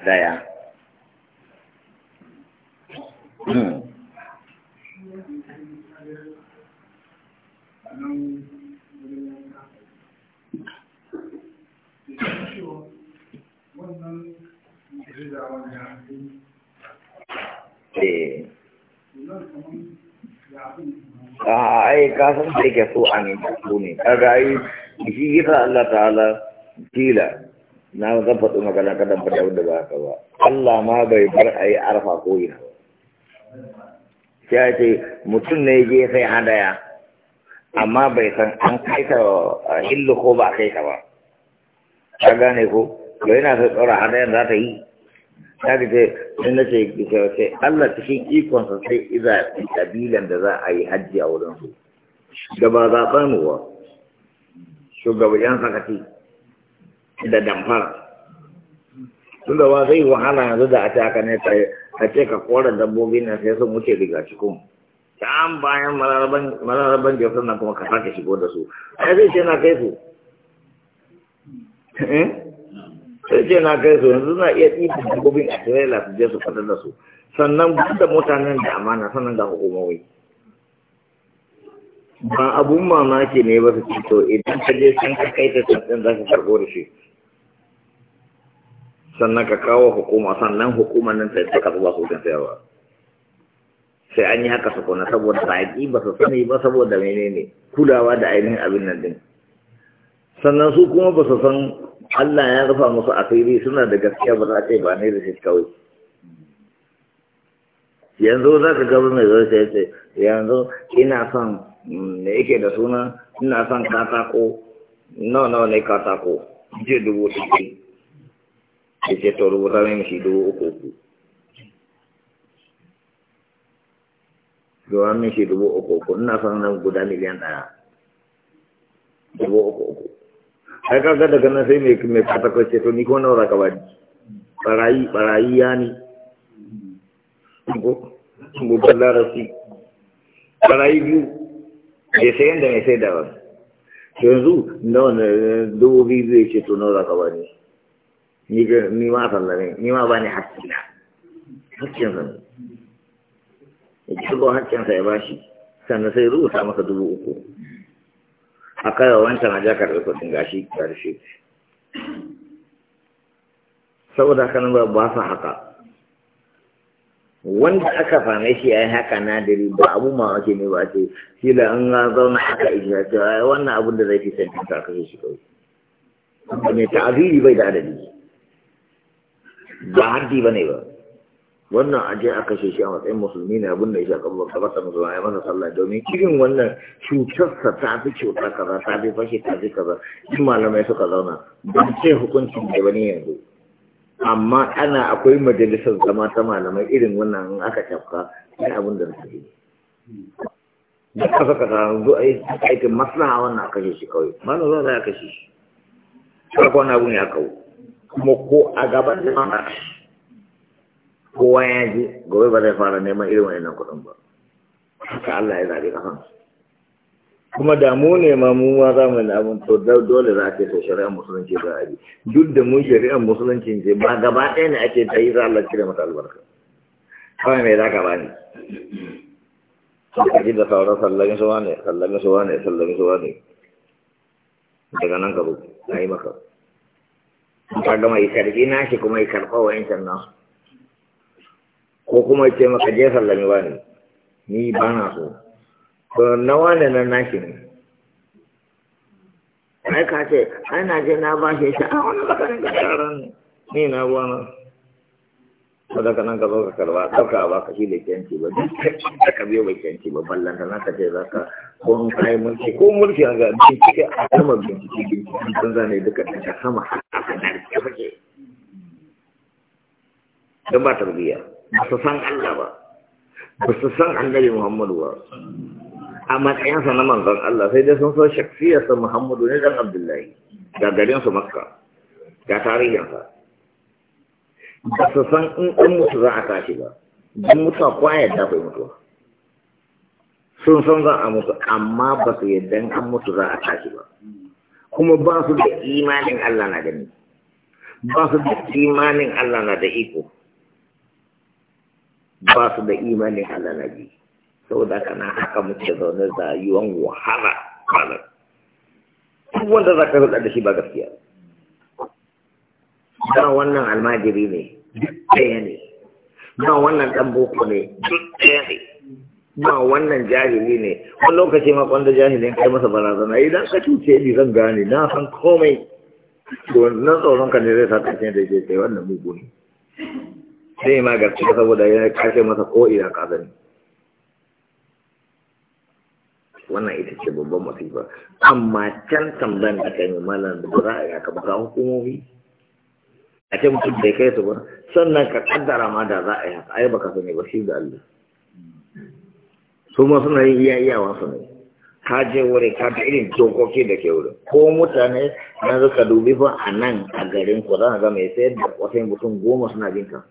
daya hmm. eh. ah, ai kasan da yake so yi ne kaga ai shi Allah ta'ala na zan faɗi magana kadan faɗi abin da ba ka ba Allah ma bai bar a yi arfa ko ina ya ce mutum ne je sai hadaya amma bai san an kai ka hillu ko ba kai ka ba ka gane ko to yana sai tsora hadayan za ta yi ta ga ce in na ce ce Allah cikin ikonsa sai iza kabilan da za a yi hajji a wurin su da ba zaɓen wa sakati da damfara da ba zai wahala yanzu da a ce aka ne a ce ka kora dabbobi na sai sun wuce riga cikin can bayan mararaban jefar nan kuma ka sake shigo da su ai zai ce na kai su sai eh? ce na kai su yanzu na iya ɗiba dabbobin a tirela su je su fadar da su sannan da mutanen da amana sannan ga hukumomi ba abun mamaki ne ba su ce to idan ka je san ka kai ta can za ka karɓo da shi sannan ka kawo hukuma sannan hukumar nan sai ta su kan sayarwa sai an yi haka su kuna saboda baƙi ba su sani ba saboda menene kulawa da ainihin abin nan din sannan su kuma ba su san Allah ya rufa musu asiri suna da gaskiya ba za a ce ba ne da shi kawai yanzu za ka gaba mai zai sai sai yanzu ina son ne yake da suna ina son katako nawa nawa ne katako je dubu ɗari ya ce to rubuta mai shi dubu uku uku rubuta shi dubu uku uku ina son nan guda dubu uku uku ai kaga ni kuma nawa ka bani barayi barayi ya ni ko bukan larasi barayi biyu ya sayan da mai sai da ba yanzu nawa dubu biyu zai ce ni ga ni ma sallame ni ma bani hakkina hakkin sa ya ko hakkin sa ya bashi sannan sai rubuta masa dubu uku a kai wa wancan aja da kuɗin gashi karshe saboda haka nan ba sa haka wanda aka fama shi yayin haka na dare ba abu wace ne ba ce shi da an ga zauna haka isha ce wannan abin da zai fi sai ta kashe shi kawai ne ta'aziri bai da adadi ba haddi ba ne ba wannan aje a kashe shi a matsayin musulmi ne abin da ya shaƙa ba kamar ta musulma ya na sallah domin cikin wannan cutarsa ta fi cuta kaza ta fi fashe ta fi kaza in malamai suka zauna ban ce hukuncin da ba ne yanzu amma ana akwai majalisar zama ta malamai irin wannan in aka tafka sai abin da suke yi duk ka saka yanzu aikin maslaha wannan a kashe shi kawai malam za a kashe shi farko na abin ya kawo kuma ko a gaban jama'a kowa ya ji gobe ba zai fara neman irin wannan kudin ba haka Allah ya zabi kafan kuma da mu ne ma mu ma za mu abin to dole za ka sai shari'ar musulunci ba a duk da mu shari'ar musulunci ce ba gaba ɗaya ne ake ta yi za Allah cire mata albarka kawai mai za ka bani ka ji da sauran sallami suwa ne sallami suwa ne sallami suwa ne daga nan ka bu a yi maka ka gama yi karfi na shi kuma yi karɓa wa yancan nasu ko kuma ce maka je sallami ba ne ni ba na so to na wane nan nashi ne ai ka ce ai na je na ba shi shi a ah, wani bakarin ka ne ni na ba na sadaka nan ka zo ka karba dauka ba ka shi da ba duk da ka biyo bai ba ballan ta naka ce za ka ko in kayi mulki ko mulki a ga bincike a sama bincike bincike sun zane duka ta sama a sanar da fake don ba tarbiyya ba su san Allah ba ba su san annabi Muhammadu ba a matsayinsa na manzon Allah sai dai sun so shakfiyarsa Muhammadu ne dan Abdullahi ga garinsu Makka ga tarihinsa ba su san in an mutu za a tashi ba don mutuwa kwa yadda bai mutuwa sun san za a mutu amma ba su yadda an mutu za a tashi ba kuma ba su da imanin Allah na gani ba su da imanin Allah na da iko ba su da imanin Allah na ji saboda kana haka muke zaune da yiwon wahala kwanar wanda za ka hulɗa da shi ba gaskiya da wannan almajiri ne duk ɗaya ne ba wannan ɗan boko ne duk ɗaya ne ba wannan jahili ne wani lokaci ma kwanda jahilin kai masa barazana idan ka cuce ni zan gane na san komai wannan tsoron ka ne zai sa kace da ke sai wannan mugu ne sai ma gaskiya saboda ya kashe masa ko ina ka sani wannan ita ce babban masifa amma can tambayar da kai yi malam da ba za a yaka ba ga hukumomi a ce mutum bai kai su ba sannan ka kaddara ma da za a yi haka ai baka sani ba shi da Allah su ma suna yin iya iya wasu ne ka je wuri ka ta irin dokoki da ke wurin ko mutane na ka dubi fa a nan a garin ku za ga mai sayar da wasu mutum goma suna bin ka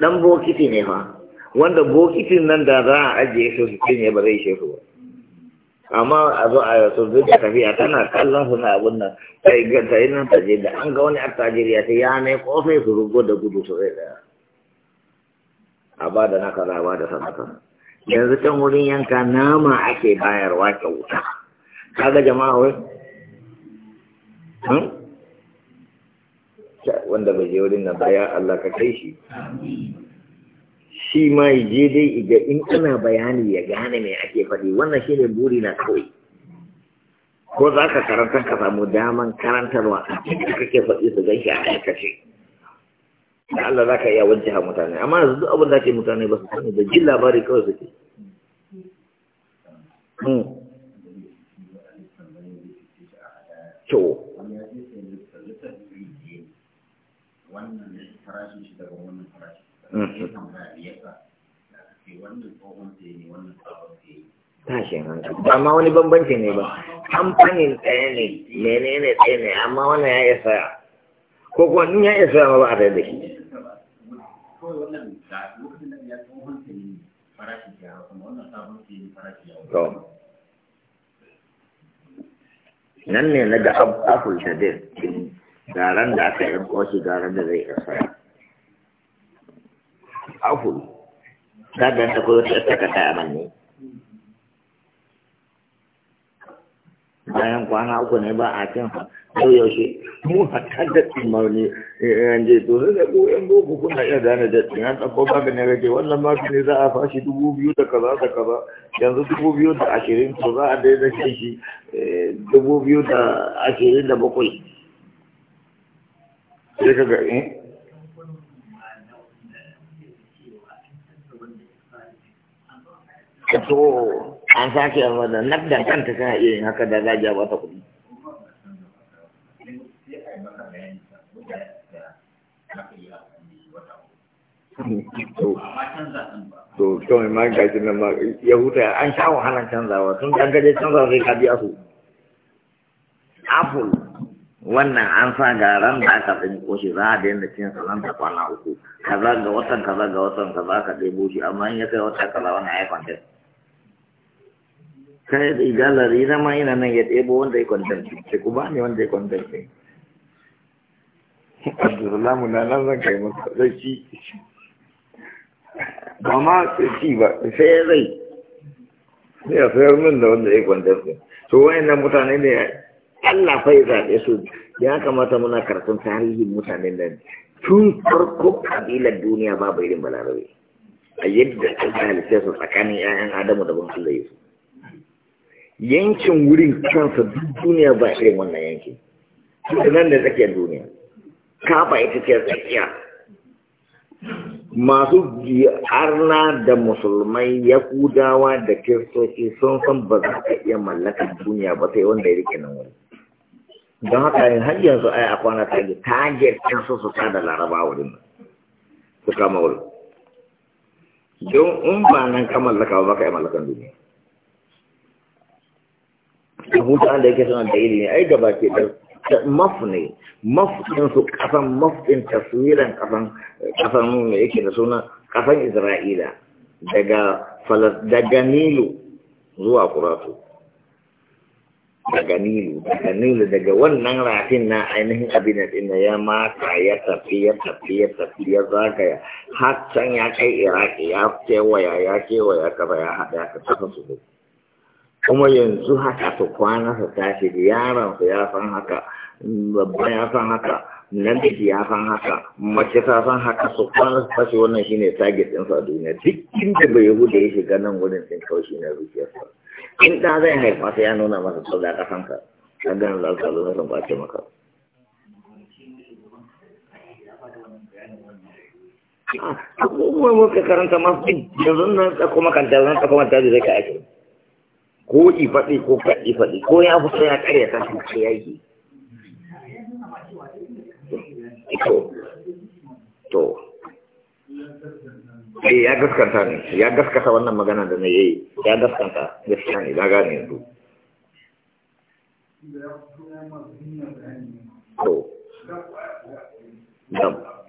dan bokiti ne fa wanda bokitin nan da za a ajiye shi su ne ba zai ishe su ba amma a zo a yau sun zuke tafiya tana kallon su na abun nan sai yi ta yi nan taje da an ga wani attajiri ya ce ya ne kofe su rugo da gudu su zai daya a ba da naka ba da sanata yanzu can wurin yanka nama ake bayarwa kyauta kaga jama'a wai hmm? wanda bai je wurin nan ba ya Allah ka kai shi shi ma je dai iga in ana bayani ya gane me ake faɗi wannan shi ne buri na kawai ko za ka karanta ka samu daman karantarwa a da kake faɗi su gan shi a aikace da Allah za ka iya ha mutane amma yanzu duk abin da ke mutane ba su sani da jin labari kawai suke hmm. to Mm-hmm. tashin hankali ba ma wani bambanci ne ba kamfanin tsaye ne menene ɗaya ne amma wani ya iya saya ko kuwa ya iya saya ba a tsaye da shi nan ne na ga abu da zai da aka yi koshi garan da zai iya saya afu da dan ta koyo ta takarda a nan ne bayan kwana uku ne ba a cin ha ko yaushe mu hatta da tsimar ne an je to da ko yan boko kuna iya gane da tsimar da ko ba ne rage wannan ma ne za a fashi dubu biyu da kaza da kaza yanzu dubu biyu da ashirin to za a daina shan shi dubu biyu da ashirin da bakwai sai ka ga eh to an sake a wadda nabdan kanta ka iya yin haka da zagiya ba ta kuɗi to to ma ga shi nan ma ya huta an sha wahalar canzawa tun dan gaje canzawa sai ka biya su apple wannan an sa ga ran da aka tsinko shi za a daina cin salon nan da kwana uku kaza ga watan kaza ga watan za ka debo shi amma in ya kai wata kaza wannan ya kwanta kai da igalar ina ma ina nan ya ɗebo wanda ya kwantarci sai ku ba ne wanda ya kwantarci abdulsalamu na nan zan kai masa zai ci ba ma ci ba sai rai sai a sayar min da wanda ya kwantarci to wayannan mutane ne Allah fai da su ya kamata muna karatun tarihin mutanen nan tun farko kabilar duniya babu irin balarabe a yadda ta halitta su tsakanin 'ya'yan adamu da ban Allah yesu yankin wurin kansa duk duniya ba irin wannan yankin duk nan da tsakiyar duniya kafa ita ce tsakiya masu arna da musulmai ya kudawa da kiristoci sun san ba za ka iya mallakar duniya ba sai wanda ya rike nan wani don haka yin har yanzu ai a kwana ta yi tagiyar ɗin su su da laraba wurin su kama wurin don in ba nan ka mallaka ba ka iya mallakan duniya da da yake suna da ilimi ai gaba ke da maf ne maf su kasan maf taswiran kasan da yake da suna kasan isra'ila daga falas daga nilu zuwa kuratu daga nilu daga nilu daga wannan rafin na ainihin abin ina ya mata ya tafi ya tafi ya tafi ya zagaya har ya kai iraki ya kewaya ya kewaya ya haɗa ka kasan su kuma yanzu haka su kwana su tashi yaron su ya san haka babba ya san haka namiji ya san haka mace ta san haka su kwana su tashi wannan shine target ɗinsa sa duniya duk inda bai da ya shiga nan wurin sun kawai shi na zuciyarsa in ɗa zai haifa sai ya nuna masa sau da ƙasanka ka gana za su zo sun ɓace maka ah, abubuwan muka karanta masu yanzu nan tsakko nan zan tsakko makanta zai ka ake ko i faɗi ko faɗi faɗi ko ya fi sai ya ƙarya ta shi ce ya yi to to eh ya gaskanta ne ya gaskata wannan magana da na yayi ya gaskanta gaskiya ne daga ne yanzu to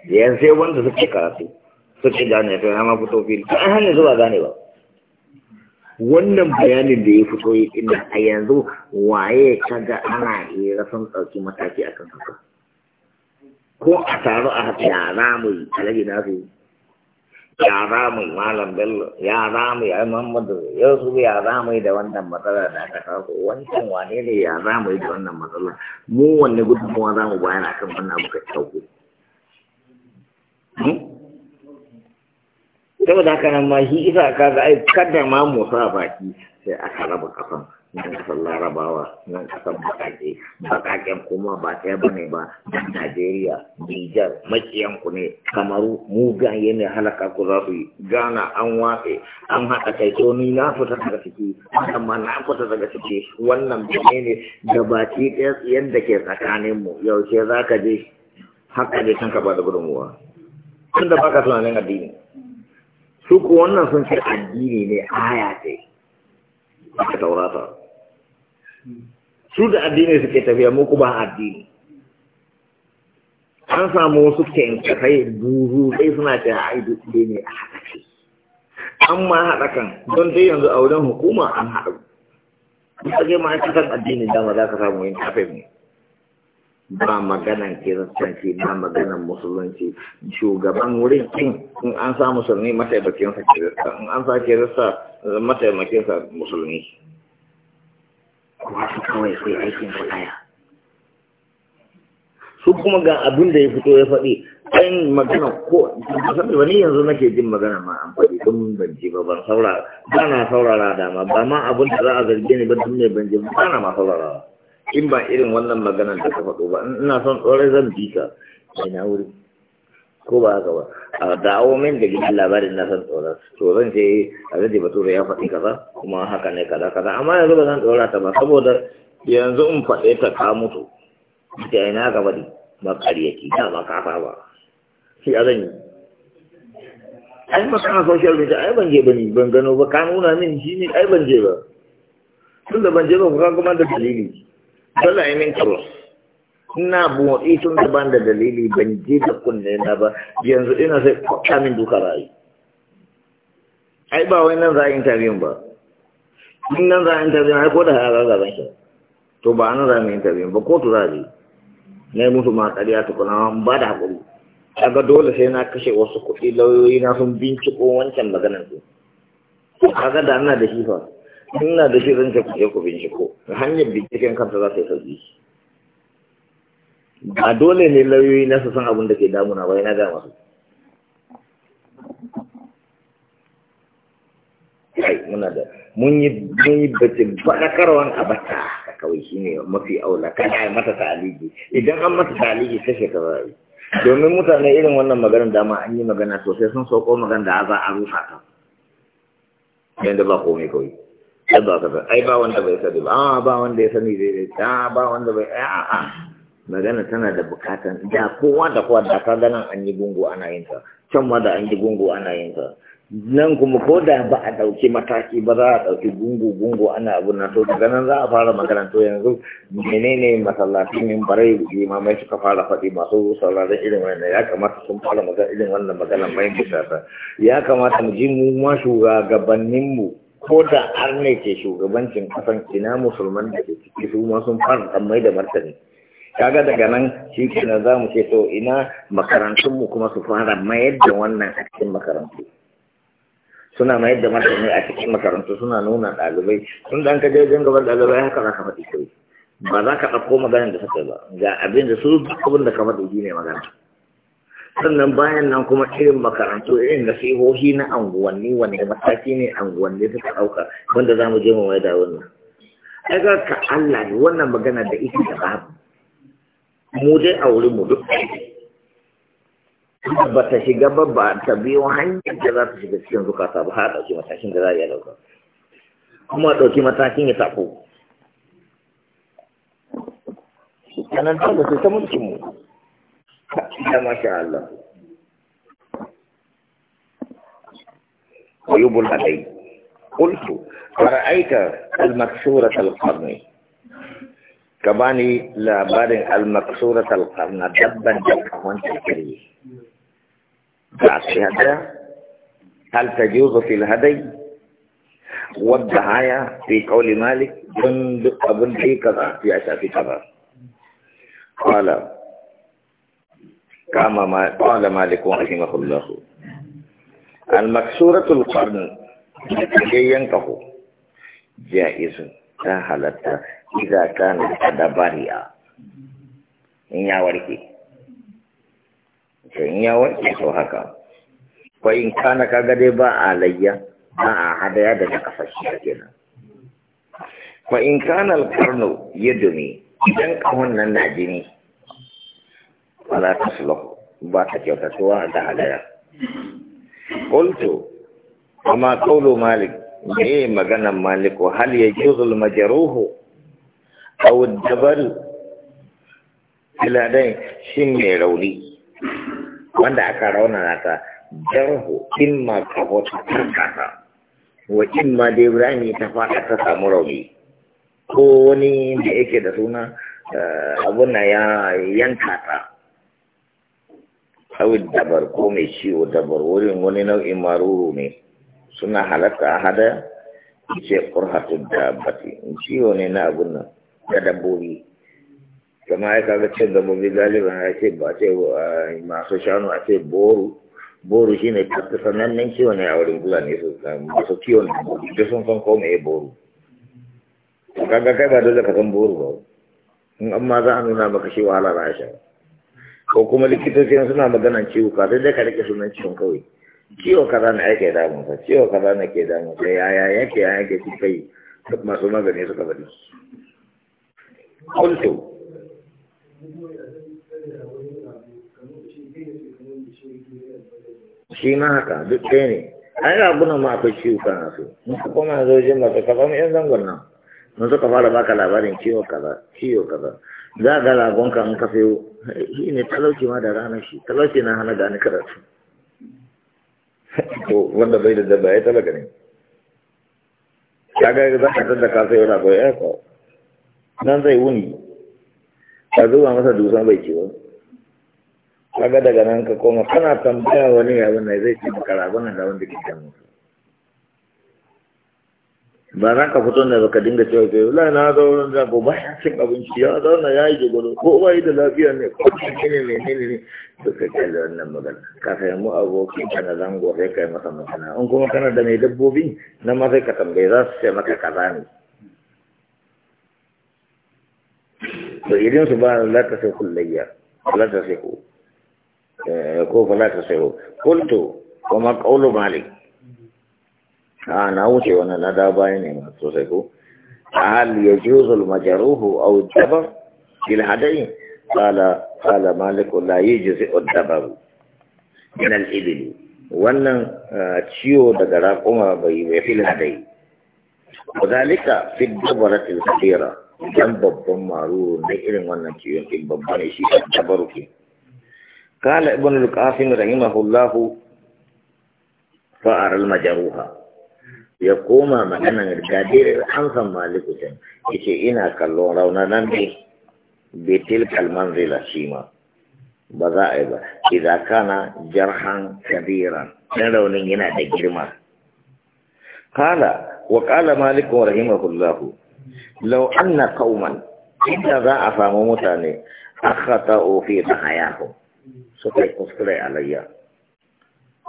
yanzu wanda suke karatu suke gane to ya ma fito fili ta hanyar zuwa gane ba wannan bayanin da ya fito yi ina a yanzu waye kaga ana hira sun ɗauki mataki a kan haka ko a taru a haka yara mu yi alaji na su yi yara mu yi malam bello yara mu yi muhammadu yau su yara mu yi da wannan matsala da aka kawo wancan wane ne yara mu yi da wannan matsala mu wanne gudunmawa za mu bayan akan wannan muka kyau hmm? saboda haka nan ma shi isa ka ga ai kada ma musa baki sai aka raba kafan nan kasan larabawa nan kasan bakake bakaken kuma ba ta yaba ne ba dan najeriya nijar makiyanku ne kamaru muga ne halaka ku za su yi gana an watse an haɗa kai to ni na fita daga ciki wannan ma na fita daga ciki wannan bane ne da baki ɗaya da ke tsakanin mu yaushe za ka je haka ne can ka ba da gudunmuwa tun da baka tunanin addini su ku wannan sun ce addini ne aya ce aka taurata su da addini suke tafiya muku ba addini an samu wasu kyankyakai buru sai suna ce a aidu ɗaya ne a haɗa ce an ma haɗa kan don dai yanzu a wurin hukuma an haɗa ku. Kusa je ma'aikatan addinin dama za ka samu yin kafin mu. ba maganan kiristanci ba maganan musulunci shugaban wurin kin in an sa musulmi mataimakin sa kirista in an sa kirista sa musulmi kuma su kawai sai aikin su daya su kuma ga abin da ya fito ya faɗi ɗan magana ko sami wani yanzu nake jin magana ma an faɗi don ban ji ba ban saurara ba na saurara dama ba ma abin da za a zargi ni ba don ne ban ji ba na ma saurara in ba irin wannan maganar da ka faɗo ba ina son ɗorai zan bi ka ina wuri ko ba haka ba a dawo min da gidan labarin na san To zan ce a zai tura ya faɗi kaza kuma haka ne kaza kaza amma yanzu ba zan tsora ta ba saboda yanzu in faɗe ta ka mutu da ina ga bari ba ƙaryaki da ba kafa ba shi a zan yi ai makana social media ai ban je ba ni ban gano ba ka nuna min shi ne ai ban je ba tun da ban je ba kuma kuma da dalili dole ya min kiro ina motsi tun da da dalili ban je da kunne na ba yanzu ina sai kwakwa min duka ra'ayi ai ba wai nan za a interview ba in nan za a interview ai ko da haya za a shi to ba nan za a interview ba kotu za a yi na yi musu matsariya tukuna ba da haƙuri kaga dole sai na kashe wasu kuɗi lauyoyi na sun binciko wancan maganar su kaga da ana da shi fa ina da shi zan ce ku binciko hanyar binciken kanta za ta yi sauki ba dole ne lauyoyi na su san abin da ke damuna ba yana gama su kai muna da mun yi mun yi karawan a bata kawai ne mafi aula kada ai mata taliji idan an mata taliji ta shekara yi domin mutane irin wannan maganar dama an yi magana sosai sun sauko magana da za a rusa ta yanda ba komai kawai ai ba ka ai ba wanda bai sani ba a ah, ba wanda ya sani daidai a ah, ba wanda bai a ah, a magana tana da bukatan da kowa da kowa da ka ganin an yi gungu ana yin ta can ma da an yi gungu ana yin ta nan kuma ko da ba a ɗauki mataki ba za a ɗauki gungu gungu ana abu na to daga nan za a fara magana to yanzu menene masallaci min barai mai suka fara faɗi masu sauraron irin wannan ya kamata sun fara magana irin wannan magana mai bisa ya kamata mu ji mu ma shugabanninmu ko da har ne ke shugabancin kasan ina musulman da ke ciki su ma sun fara mai da martani kaga daga nan shi kenan za mu ce to ina makarantunmu kuma su fara mayar da wannan a cikin makarantu suna mayar da martani a cikin makarantu suna nuna ɗalibai sun dan ka jejjen gaban ɗalibai haka za ka faɗi kai ba za ka ɗauko maganar da suka ba ga abin da su abin da ka faɗi ne magana sannan bayan nan kuma irin makarantu irin da sihohi na anguwanni Wani mataki ne anguwanni suka ɗauka wanda za mu je mu wai da wannan ai ka Allah ne wannan magana da ita da babu mu dai a wurin mu duk ba ta shiga ba ba ta biyo hanyar da za ta shiga cikin zukata ba har ɗauki matakin da za a ɗauka kuma ɗauki matakin ya tafi kanan ta da sai ta mulkin mu إلا ما شاء الله عيوب العلي قلت أرأيت المكسورة القرن كباني لا لابار المكسورة القرن دبا دبا وانت كري بعد هل تجوز في الهدي والدعاية في قول مالك بندق بندق في كذا في عشاء في كذا قال كما قال مالك رحمه الله المكسورة القرن كي ينكفو جائز تهلت إذا كان قد بريئا إن يوركي إن يوركي سوهكا وإن كان كغدبا علي ما أحد يدك كفشي كنا فإن كان القرن يدمي إذا كهن نجني wala taslahu ba ta kyautatuwa da halaya qultu amma qawlu malik ne maganan malik hal ya al majruhu aw A jabal ila dai shin rauni wanda aka rauna ta jarhu ma ka ta karkata wa ma da ibrahim ta fada ta samu rauni ko wani da yake da suna eh, abun na ya yanka ta kawai dabar ko mai ciwo dabar wurin wani nau'in maruru ne suna halatta a hada ce ƙurhatun bati ciwo ne na abin nan da dabbobi kama ya kaga cin dabbobi galiban ya ce ba ce eh, masu shanu a ce boru boru shi ne tattu sanannen ciwo ne a wurin ne su masu ciwo ne da sun san ko mai boru kaga kai ba dole ka san boru ba in amma za a nuna maka shi wahala a sha ko kuma likitocin suna magana ciwo ka sai dai ka rike sunan ciwon kawai ciwo kaza na ke damu ka ciwo kaza na ke damu ka yaya ya ya ke ci kai duk masu magani suka faɗi kuntu shi ma haka duk ɗaya ne abu na ma akwai ciwo kana so in ka koma masu ba ka kafa mu yan zangon nan mun suka fara baka labarin ciwo kaza ciwo kaza za ga lagonka in kafe yau shi ne talauci ma da ranar shi talauci na hana gani karatu Ko wanda bai da dabba ya talaga ne kaga za ka tada yau sayo rago ya eh, kawo nan zai wuni a zuwa masa dusan bai ciwo ga daga nan ka koma kana tambaya wani yawon na zai ce maka ragon nan wanda ke jan musu ba za ka fito da baka dinga cewa ke la na zauna da ba ba ya cin abinci ya zauna ya yi jigoro ko ba yi da lafiya ne ko shi ne ne ne ne to ka da wannan magana ka sai mu abokin ka na zango sai kai masa magana in kuma kana da mai dabbobi na ma sai ka tambaye za su ce maka kaza ne to idan su ba la ta sai kullayya la ta sai eh, ko ko ba la ta sai ko wa kuma qawlu malik a ah, na wuce wani lada bayan ne masu sosai ko a hali ya ji zul majaruhu a wujabar fil hadari tsala maliku la yi ji zai wujabaru ginal ililu wannan ah, ciwo daga raƙuma bai bai fil hadari ko zalika fit dabarar ilkafira don babban maru na irin wannan ciwon babba ne shi a dabaru ke kala ibn lukafin rahimahullahu fa'ar al-majaruha ya koma maganan gadir an san maliku can yace ina kallon rauna nan ne betil kalman zila shi ma ba za a yi ba idan kana jarhan kabiran dan raunin yana da girma kala wa kala maliku rahimahullahu law anna qauman inda za a samu mutane akhata'u fi hayahum suka kuskure alayya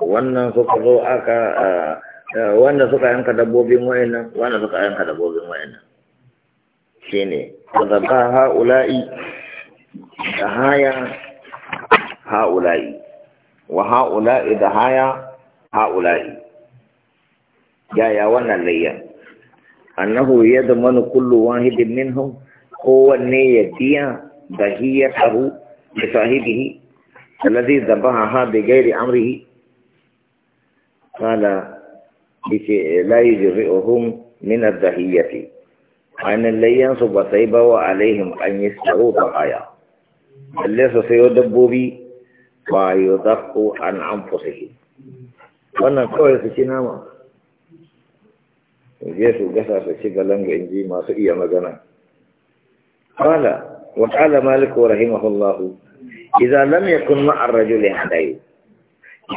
wannan suka zo aka wanda suka yanka dabbobin wayannan wanda suka yanka dabbobin wayannan shine zaka haula'i da haya haula'i wa haula'i da haya haula'i ya ya wannan layya annahu yadmanu kullu wahidin minhum kowanne ya biya bahiyatahu li sahibihi الذي ذبحها بغير amrihi قال لا يجرئهم من الذهية عن اللي ينصب صيبه عليهم أن يسعوا ضحايا الليس سيدبوا بي ويضقوا عن أنفسهم وانا كوي في نعم. ما يسو قصة في سيقلن جنجي ما سئي مجانا قال وقال مالك ورحمه الله إذا لم يكن مع الرجل هدايو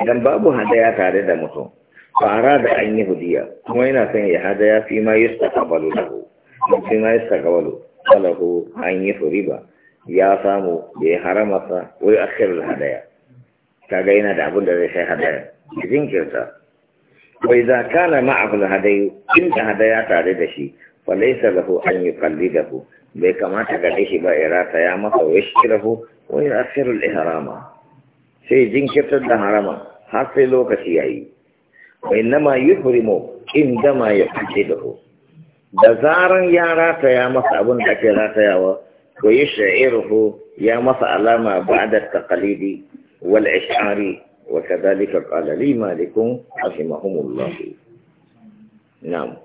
إذا بابو هدايا تاريد مصر fara da an yi hudiya kuma yana son ya hada ya fi ma yi da lahu fi ma yi sakabalu falahu an yi furiba ya samu ya yi haramasa wai da hadaya Ta ga yana da abin da zai sai hadaya kirta wai za ka ma ma'afil hadayu inda hadaya tare da shi falaisa ko an yi kallidahu bai kamata ga shi ba irata ya masa wai shi rahu wai da harama. sai jinkirtar da harama har sai lokaci ya yi. wa innama yuhrimu indama yaqdiduhu da zaran ya rataya masa abin da ake ratayawa to yash'iruhu ya masa alama ba'da taqalidi wal ish'ari wa kadhalika qala li malikun rahimahumullah na'am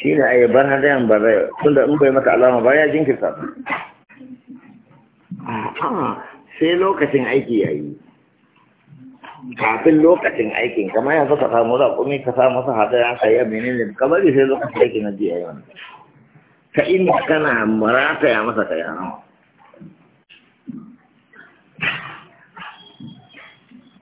shine ai bar hadayan ba zai da in bai maka alama ba ya jinkirta sai lokacin aiki yayi kafin lokacin aikin kamar yanzu ka samu raƙumi ka sa masa hadaya ka yi menene ka bari sai lokacin aikin na jiya yawan ka inda kana marataya masa ka